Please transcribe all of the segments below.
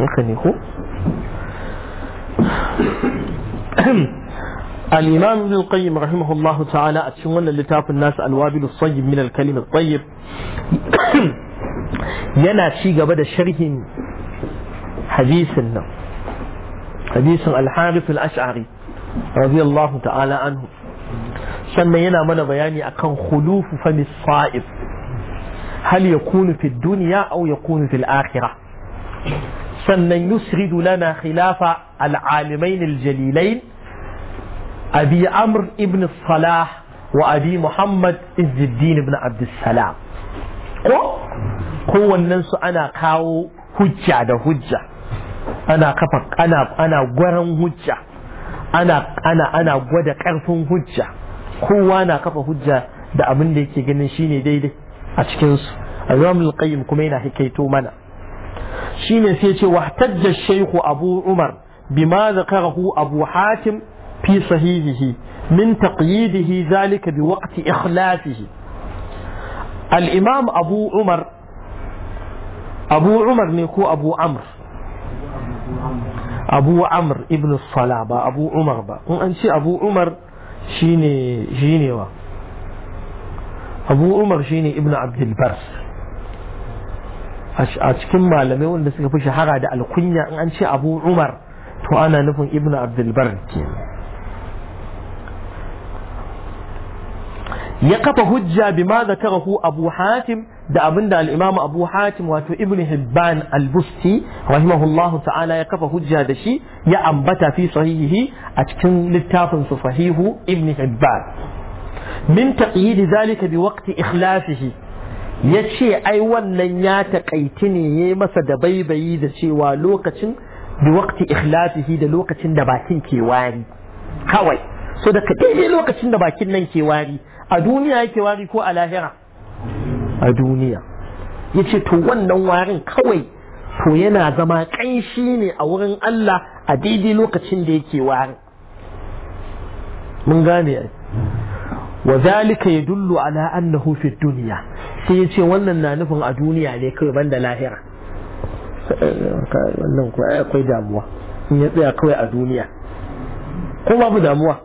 ممكن يكون الإمام ابن القيم رحمه الله تعالى أتشون لتاف الناس الوابل الصيب من الكلم الطيب ينا شي قبل الشرح حديثنا حديث الحارث الأشعري رضي الله تعالى عنه سنة ينا من بياني أكن خلوف فم الصائب هل يكون في الدنيا أو يكون في الآخرة sannan yusridu lana khilafa al'alimain aljalilain abi amr ibn salah wa abi muhammad izzuddin ibn abdussalam ko kowannen su ana kawo hujja da hujja ana kafa ana ana gwaran hujja ana ana ana gwada karfin hujja kowa na kafa hujja da abin da yake ganin shine daidai a cikin su al-qayyim kuma yana hikaito mana shine sai ce wahtajja shaykhu abu umar bima zakarahu abu hatim fi sahihihi min taqyidihi zalika bi waqti ikhlasihi al-imam abu umar abu umar ne ko abu amr abu amr ibn sala ba abu umar ba kun an ce abu umar shine shine wa abu umar shine ibn abdul bars a cikin malamai wanda suka fi shahara da alkunya in an ce abu umar to ana nufin ibn abdulbar ke ya kafa hujja bi ma zakarahu abu hatim da abinda al-imam abu hatim wato ibn hibban al-busti rahimahullahu ta'ala ya kafa hujja da shi ya ambata fi sahihihi a cikin littafin su sahihu ibn hibban min taqyid zalika bi waqti ikhlasihi ya ce ai wannan ya taƙaiti ne ya masa da baibayi da cewa lokacin da wakti ikhlasihi da lokacin da bakin ke wari kawai so da ka daidai lokacin da bakin nan ke wari a duniya yake wari ko a lahira a duniya ya ce to wannan warin kawai to yana zama ƙanshi ne a wurin Allah a daidai lokacin da yake wari? mun gane wa zalika yadullu ala annahu fi duniya sai ya ce wannan na nufin a duniya ne kawai ban da lahira wannan akwai damuwa in ya tsaya kawai a duniya ko babu damuwa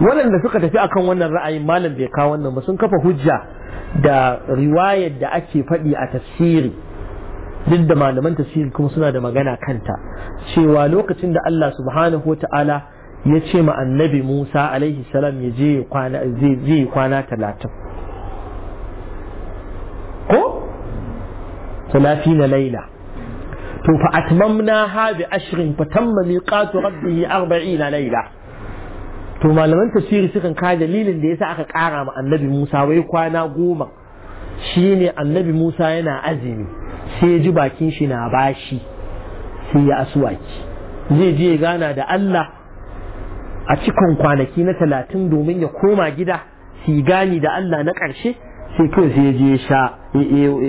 waɗanda suka tafi akan wannan ra'ayin malam bai kawo wannan ba sun kafa hujja da riwayar da ake faɗi a tafsiri duk da malaman tafsiri kuma suna da magana kanta cewa lokacin da Allah subhanahu wa ya ce ma annabi Musa alaihi salam ya je zai kwana talatin ko? talafi na laila to fa atmamna na bi ashirin fa tamma ya rabbihi arba'ina laila to malaman tafsiri sukan ka dalilin da yasa aka kara ma annabi Musa wai kwana goma shine annabi Musa yana azumi sai ji bakin shi na bashi sai ya asuwaki zai je gana da Allah a cikin kwanaki na talatin domin ya koma gida su gani da Allah na ƙarshe sai kawai sai ya je sha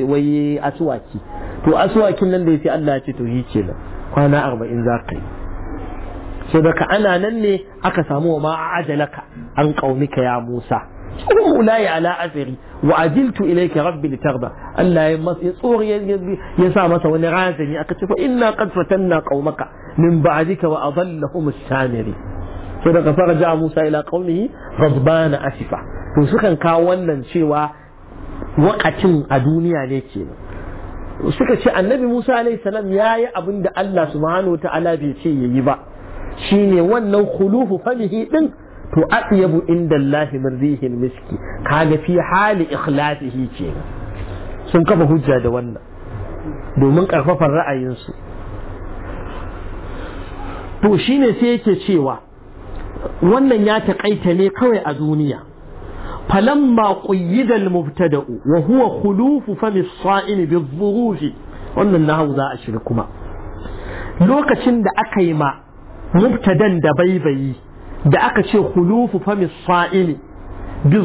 waye asuwaki to asuwakin nan da ya ce Allah ya ce to shi kenan kwana arba'in za ka yi so daga ana nan ne aka samu ma a ajalaka an kaumika ya Musa kuma ulai ala azri wa ajiltu ilayka rabbi litarda Allah ya masa ya tsore ya sa masa wani razani aka ce fa inna qad fatanna qaumaka min ba'dika wa adallahum as-samiri so daga fara ja Musa ila qaumihi ghadban asifa to sukan kawo wannan cewa wakacin a duniya ne kenan suka ce annabi Musa alaihi salam yayi abin da Allah subhanahu ta'ala bai ce yayi ba shine wannan khulufu famihi din to atyabu inda Allah min rihil miski kaga fi hali ikhlasihi ce. sun kafa hujja da wannan domin karfafar ra'ayinsu to shine sai yake cewa wannan ya taƙaita ne kawai a duniya falamma qayyida al-mubtada'u wa huwa khulufu fami as-sa'imi wannan na za a shiri kuma lokacin da aka yi ma mubtadan da baibayi da aka ce khulufu fa as-sa'imi bi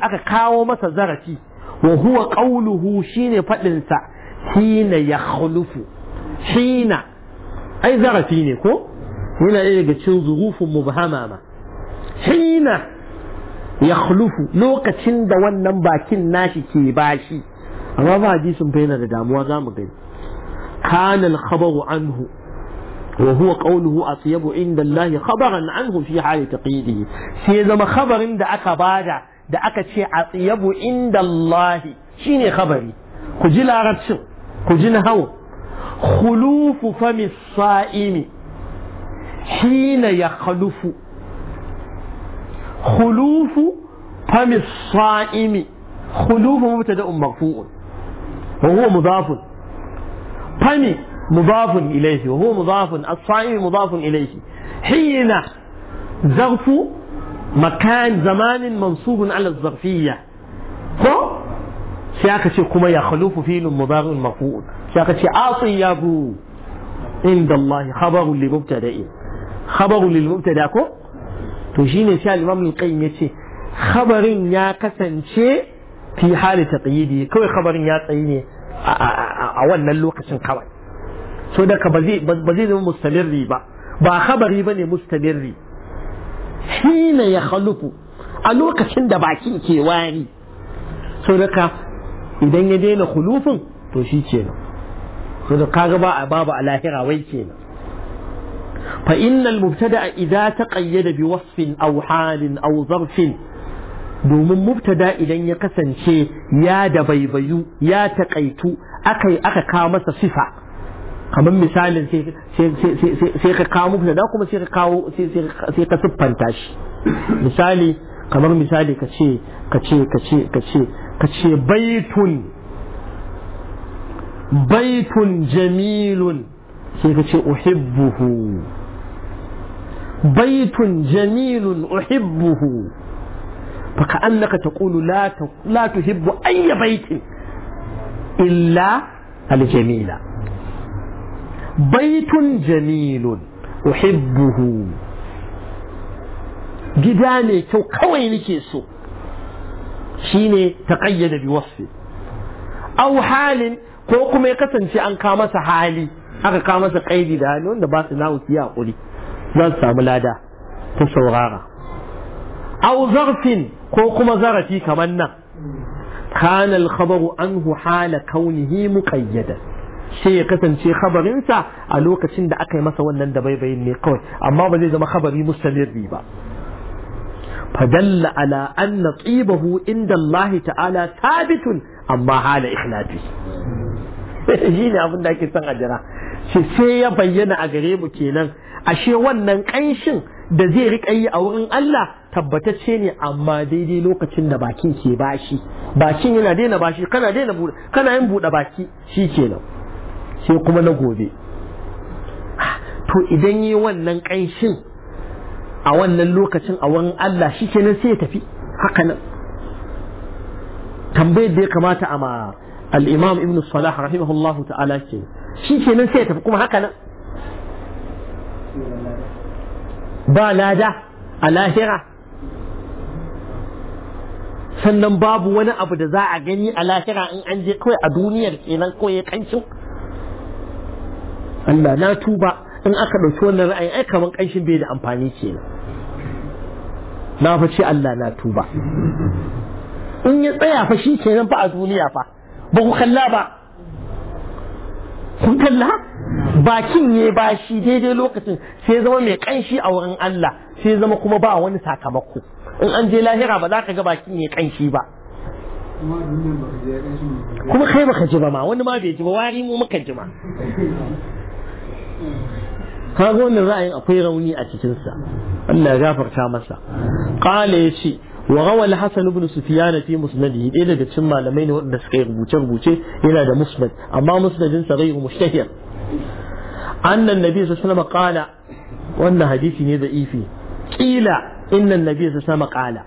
aka kawo masa zarafi wa huwa qawluhu shine fadin sa hina yakhlufu hina ai zarafi ne ko yana iya ga cin zurufin ba ma hina ya khulufu lokacin da wannan bakin nashi ke bashi amma ba hadisin fa da damuwa za mu gani kana al-khabaru anhu wa huwa qawluhu atyabu inda Allah khabaran anhu fi hali taqidihi sai zama khabarin da aka bada da aka ce atyabu inda Allah shine khabari ku ji larabcin ku ji nahawu khulufu fami sa'imi حين يخلف خلوف فم الصائم خلوف مبتدا مرفوع وهو مضاف فم مضاف إليه وهو مضاف الصائم مضاف إليه حين ظرف مكان زمان منصوب على الظرفية هو سياكة كما يخلوف فيه مضاف مرفوع سياكة عاصي يابو عند الله خبر لمبتدئ khabaru lil mubtada ko to shine sai al-imam al-qayyim yace khabarin ya kasance fi hali taqyidi kawai khabarin ya tsayi ne a wannan lokacin kawai so da ba zai ba zai zama mustamirri ba ba khabari bane mustamirri hina ya khalufu a lokacin da bakin ke wari so da idan ya daina khulufin to shi kenan so da kaga ba a babu a lahira wai kenan فإن المبتدأ إذا تقيد بوصف أو حال أو ظرف domin mubtada idan ya kasance ya da baibayu ya taƙaitu aka kawo masa sifa kamar misalin sai ka kawo mubtada kuma sai ka kawo sai ka siffanta shi misali kamar misali ka ce ka ce ka ce ka ce ka ce baitun baitun jamilun كيفتي أحبه بيت جميل أحبه فكأنك تقول لا لا تحب أي بيت إلا الجميل بيت جميل أحبه جداني تو قوي نكيسو شيني تقيد بوصفه أو حال كوكو ميكسن في أنكامس حالي aka kawo masa kaidi da hannu wanda ba su nawo a hakuri za su samu lada ta saurara Au zarfin ko kuma zarafi kamar nan kana al-khabaru anhu hala kaunihi muqayyadan sai ya kasance khabarinsa a lokacin da aka yi masa wannan da baibayin ne kawai amma ba zai zama khabari mustamirri ba fadalla ala anna tsibahu inda Allah ta'ala sabitun amma hala ikhlasi shi ne abin da ake son a jira ce sai ya bayyana a gare mu kenan ashe wannan ƙanshin da zai riƙa yi a wurin Allah tabbatacce ne amma daidai lokacin da bakin ke bashi bakin yana daina bashi kana daina kana yin buɗe baki shi kenan sai kuma na gobe to idan yi wannan ƙanshin a wannan lokacin a wurin Allah shi kenan sai ya tafi haka nan tambayar da ya kamata a ma al-imam ibn salah rahimahullahu ta'ala ce. shi kenan sai ya tafi kuma haka nan ba lada a lahira sannan babu wani abu da za a gani a lahira in an je kawai a duniyar kenan kawai ya kancin Allah na tuba in aka ɗauki wannan ra'ayin ai kamar kanshin bai da amfani kenan na fa ce Allah na tuba in ya tsaya fa shi kenan fa a duniya fa ba ku kalla ba kun kalla bakin ya bashi daidai lokacin sai zama mai kanshi a wurin Allah sai zama kuma ba wani sakamako in an je lahira ba za ka ga bakin ne kanshi ba kuma kai baka ji ba ma wani ma bai ji ba wari mu muka ji ma kaga wannan ra'ayin akwai rauni a cikin sa Allah ya gafarta masa qala yace وروى الحسن بن سفيان في مسنده إلى إيه جتشم لمين وإن سكير بوشر بوشي إلى ده مسند أما مسند صغير مشتهر أن النبي صلى الله عليه وسلم قال وأن حديثي ضعيفي قيل إن النبي صلى الله عليه وسلم قال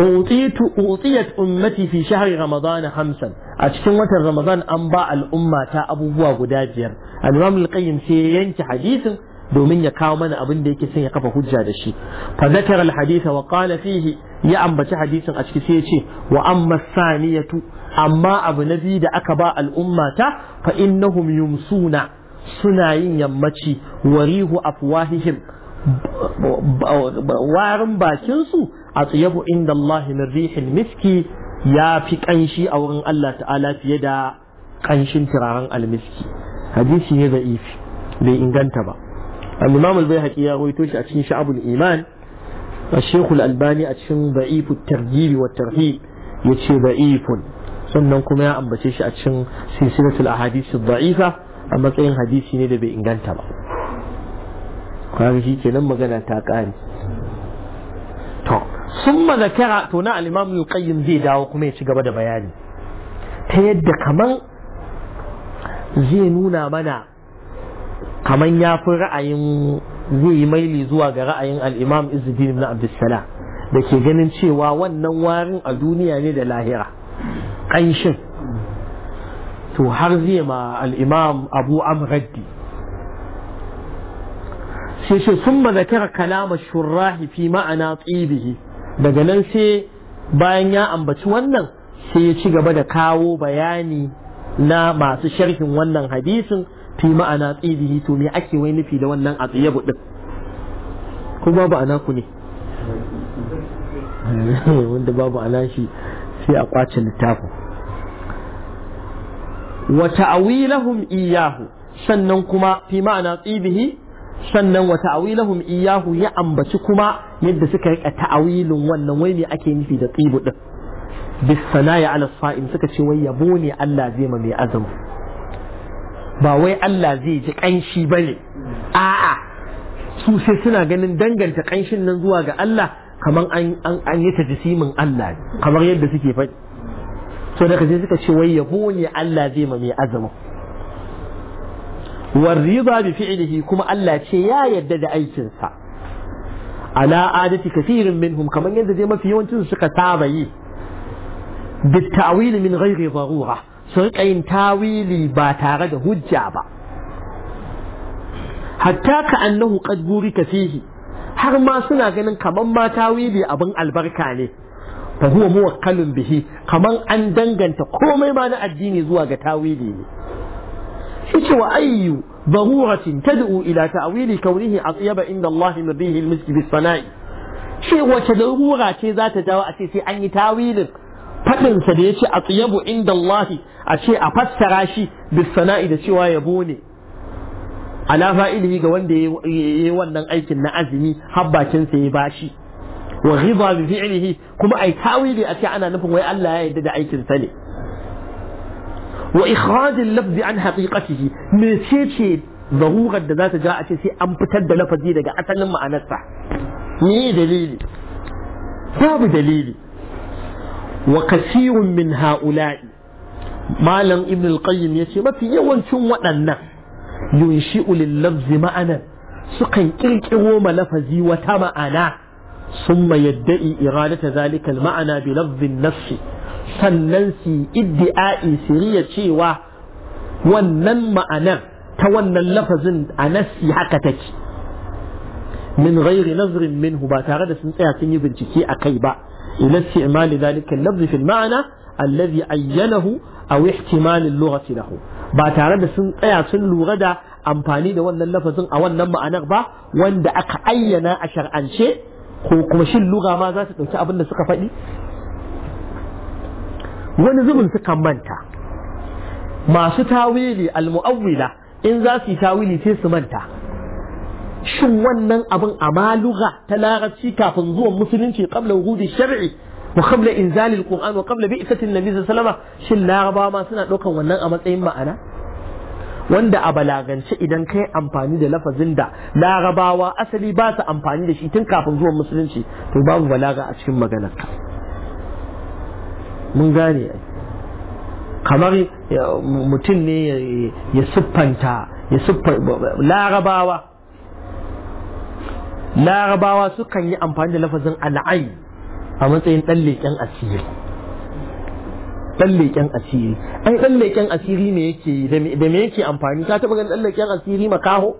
أوطيت أوطيت أمتي في شهر رمضان خمسا أشكن وتر رمضان أنباء الأمة تا أبو بوا قداجر الإمام القيم سينك حديث domin ya kawo mana abin da yake son ya kafa hujja da shi fa zakara al wa qala fihi ya ambaci hadisin a ciki sai ya ce wa amma saniyatu amma abu na biyu da aka ba al'ummata, ta fa innahum yumsuna suna yin yammaci warihu afwahihim warin bakinsu a tsayabu inda Allah min rihil miski ya fi kanshi a wurin Allah ta'ala fiye da kanshin turaren almiski hadisi ne za'ifi bai inganta ba al-imam al ya rawaito shi a cikin sha'abul iman الشيخ الألباني أتشن ضعيف الترجيب والترهيب يتشي ضعيف sannan kuma ya ambace shi a cikin silsilatul ahadisi ba'ifa a matsayin hadisi ne da bai inganta ba kaga shi kenan magana ta kare to summa zakara to na al-imam al-qayyim zai dawo kuma ya ci gaba da bayani ta yadda kaman zai nuna mana kaman ya fi ra'ayin zai yi maili zuwa ga ra'ayin al'imam izuddin na abdussala da ke ganin cewa wannan warin a duniya ne da lahira ƙanshin to har zai ma al'imam abu amraddi sai shi sun ma kalama shurrahi fi ma'ana tsibihi daga nan sai bayan ya ambaci wannan sai ya ci gaba da kawo bayani na masu sharhin wannan hadisin fi ma'ana tsibihi to me ake wai nufi da wannan a tsaye buɗin ko babu ana ku ne wanda babu ana shi sai a kwace littafin wa ta'wilahum iyahu sannan kuma fi ma'ana tsibihi sannan wa ta'wilahum iyahu ya ambaci kuma yadda suka rika ta'awilin wannan wai me ake nufi da tsibu din bis sana'i ala sa'im suka ce wai yabo ne Allah zai ma mai azumi ba wai Allah zai ji ƙanshi ba ne a'a su sai suna ganin danganta ƙanshin nan zuwa ga Allah kamar an yi ta jisimin Allah kamar yadda suke faɗi so daga kaje suka ce wai yabo ne Allah zai ma mai azama warriba bi fi'lihi kuma Allah ce ya yarda da aikinsa ala adati kafirin minhum kamar yadda dai mafi yawancin suka saba yi بالتعويل min ghairi ضرورة su rika yin tawili ba tare da hujja ba hatta ka annahu qad burika fihi har ma suna ganin kaman ma tawili abin albarka ne fa huwa muwakkalun bihi kaman an danganta komai ma na addini zuwa ga tawili ne yace wa ayyu ضرورة تدعو إلى تأويل كونه أطيب عند الله من ريح المسك بالصناعي شيء وتضرورة شيء ذات دواء شيء أن يتاويل faɗinsa da ya ce a tsayabu inda Allahi a ce a fassara shi bisana'i da cewa yabo ne ala fa'ilihi ga wanda ya yi wannan aikin na azumi habbakinsa ya bashi wa ghiba bi fi'lihi kuma ai tawili a ce ana nufin wai Allah ya yarda da aikin sa ne wa al-lafz an haqiqatihi mecece zarurar da za ta ja a ce sai an fitar da lafazi daga asalin ma'anarsa ni dalili babu dalili وكثير من هؤلاء مالن ابن القيم يتي ما في يوان شون ودنا ينشئ انا معنا سكن كلكو ملفظي وتما انا ثم يدعي إرادة ذلك المعنى بلفظ النفس سننسي ادعاء سرية شيوا ونما أنا تونا اللفظ أنسي حكتك من غير نظر منه باتا غدا سنسيها سنيو بنتكي أكيبا إلى استعمال ذلك اللفظ في المعنى الذي عينه أو احتمال اللغة له ba tare da sun tsaya sun lura da amfani da wannan lafazin a wannan ma'anar ba wanda aka ayyana a shar'ance ko kuma shin lura ma za su ɗauki abin suka faɗi wani zubin sukan manta masu tawili al in za su yi tawili sai su manta shin wannan abin a maluga ta larabci kafin zuwan musulunci kabla wurudi shar'i wa kabla inzali alquran wa kabla bi'sati annabi sallallahu alaihi wasallam shin laraba ma suna daukan wannan a matsayin ma'ana wanda a balagance idan kai amfani da lafazin da larabawa asali ba su amfani da shi tun kafin zuwan musulunci to babu balaga a cikin maganarka mun gane kamar mutum ne ya siffanta larabawa larabawa sukan yi amfani da lafazin al'ai a matsayin ɗan leƙen asiri ɗan leƙen asiri ai ɗan leƙen asiri me yake da me yake amfani ka taɓa ganin ɗan leƙen asiri makaho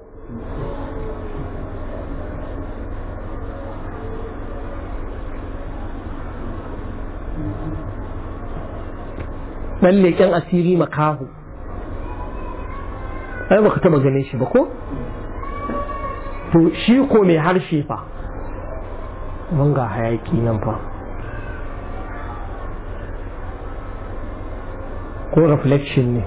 ɗan leƙen asiri makaho ai baka taɓa ganin shi ba ko to shi ko mai harshe fa mun ga hayaki nan fa ko reflection ne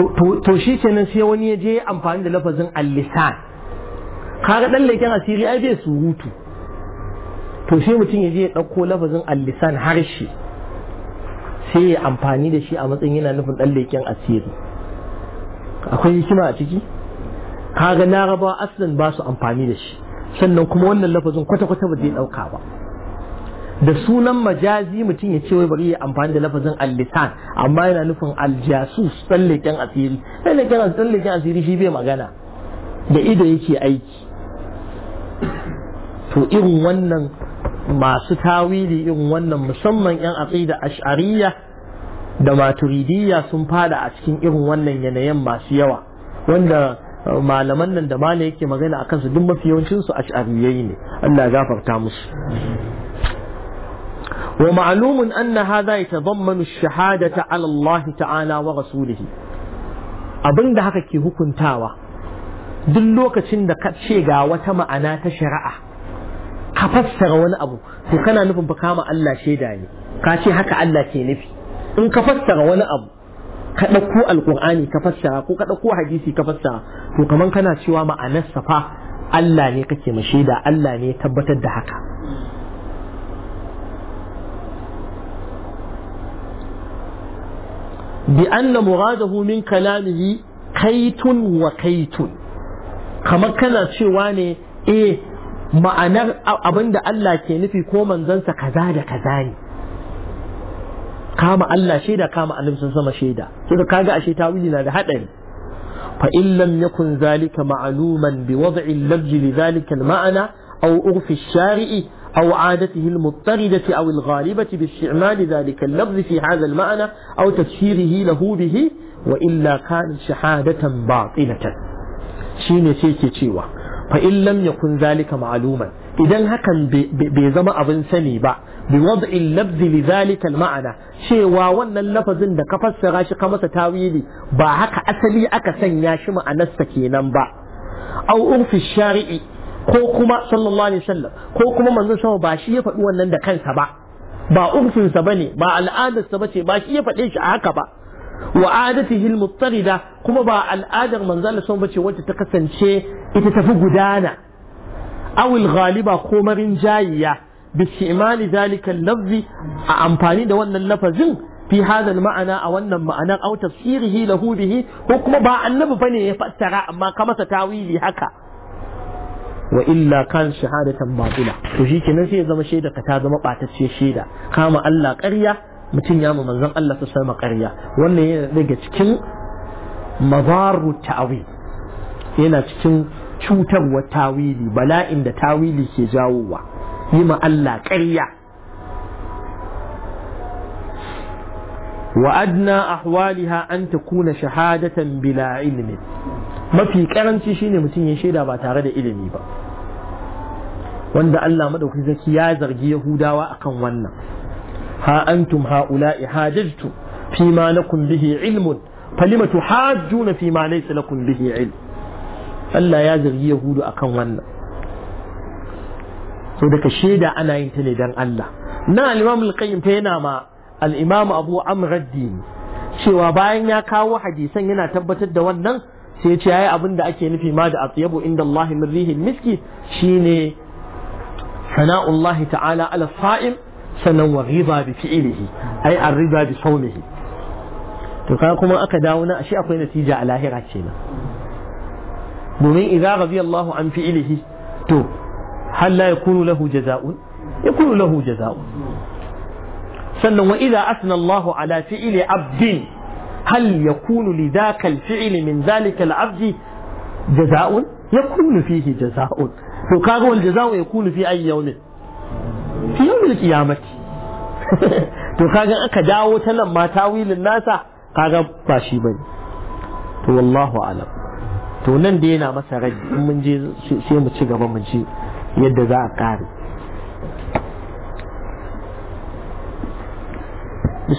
to shi ce kenan sai wani ya je amfani da lafazin allisan kaga dan leken asiri ai bai surutu to sai mutum ya je ya ɗauko lafazin allisan harshe sai ya amfani da shi a matsayin yana nufin ɗan leƙen asiri akwai hikima a ciki kaga laraba aslan ba su amfani da shi sannan kuma wannan lafazin kwata-kwata ba zai ɗauka ba da sunan majazi mutum ya ce wai bari ya amfani da lafazin al-lisan amma yana nufin al-jasus ɗan leƙen asiri ɗan leƙen asiri shi bai magana da ido yake aiki to irin wannan masu tawili irin wannan musamman 'yan aqida ash'ariya da maturidiyya sun fada a cikin irin wannan yanayin masu yawa wanda uh, malaman nan da mala yake magana a kansu duk mafi yawancinsu ash'ariyai ne Allah gafarta musu ومعلوم أن هذا يتضمن shahadata على الله تعالى ورسوله abin da haka ke hukuntawa duk lokacin da ka ce ga wata ma'ana ta shari'a ka fassara wani abu to kana nufin fa kama Allah shaida ne ka ce haka Allah ke nufi in ka fassara wani abu ka ɗauko alƙur'ani ka fassara ko ka ɗauko hadisi ka fassara to kaman kana cewa ma'anar safa Allah ne kake ma shaida Allah ne tabbatar da haka bi anna muradahu min kalamihi kaitun wa kaitun kamar kana cewa ne eh ma'anar abin da Allah ke nufi ko manzansa kaza da kaza ne kama Allah shaida kama annabi sun sama shaida to da kaga ashe tawili na da hadari fa in lam yakun zalika ma'luman bi wad'i al-lafzi li zalika al-ma'na aw urfi al sharii aw aw 'adatihi al-muttaridati al-ghalibati أو عادته zalika al الغالبة fi hadha al-ma'na aw tafsirihi lahu bihi wa illa وإلا shahadatan batilatan shine sai ke cewa فإن لم يكن ذلك معلوما إذا هكا بزم أبن سني با بوضع اللفظ لذلك المعنى شيء واوان اللفظ عند كفر سغاش قمت تاويلي با هكا أسلي أكا سنياش ما أنستكينا با أو أغفي الشارعي كوكما صلى الله عليه وسلم كوكما من نسوه باشية فأوان لندا كان سبا با أغفي سبني با الآن السبا باشية فأليش أكا wa adatihi al-mutarida kuma ba al'adar manzo Allah sun bace wacce ta kasance ita tafi gudana aw al-ghaliba ko marin jayiya bi shimali zalika al-lafzi a amfani da wannan lafazin fi hadha al-ma'ana a wannan ma'anar aw tafsirihi lahu bihi ko kuma ba annabi bane ya fassara amma ka masa tawili haka wa illa kan shahadatan batila to shikenan sai ya zama shaida ka ta zama batacce shaida kama Allah ƙarya mutum ya ma manzon Allah ta sama ƙarya wannan yana daga cikin mabaru ta'awi yana cikin cutarwa tawili bala'in da tawili ke jawowa yi ma Allah ƙarya wa adna ahwaliha an shahadatan bila ilmin mafi karanci shine mutum ya shaida ba tare da ilimi ba wanda Allah madaukakin zaki ya zargi Yahudawa akan wannan ha antum ha'ula'i hajajtum fi ma lakum bihi ilmun falima tuhajjuna fi ma laysa lakum bihi ilm Allah ya zargi yahudu akan wannan so daga shaida ana yin ta ne dan Allah na al-imam al yana ma al-imam abu amr ad cewa bayan ya kawo hadisan yana tabbatar da wannan sai ya ce yayi abin da ake nufi ma da Asyabu inda Allah min rihil miski shine sana'ullahi ta'ala ala sa'im sannan wa riba bi fi'ilihi ai an riba bi saumihi to ka kuma aka dawo na ashe akwai natija a lahira kenan domin idza radiyallahu an fi'ilihi to hal la yakunu lahu jaza'un yakunu lahu jaza'un sannan wa idza asna Allah ala fi'ili abdin hal yakunu lidhaka al-fi'li min dhalika al-abdi jaza'un yakunu fihi jaza'un to kaga wal jaza'u yakunu fi ayyi yawmin fi ya qiyamati to kaga aka dawo ta nan ma tawilin nasa kaga ba shi bane to wallahu alam to nan da yana masa raddi in mun je sai mu ci gaba mu ji yadda za a kare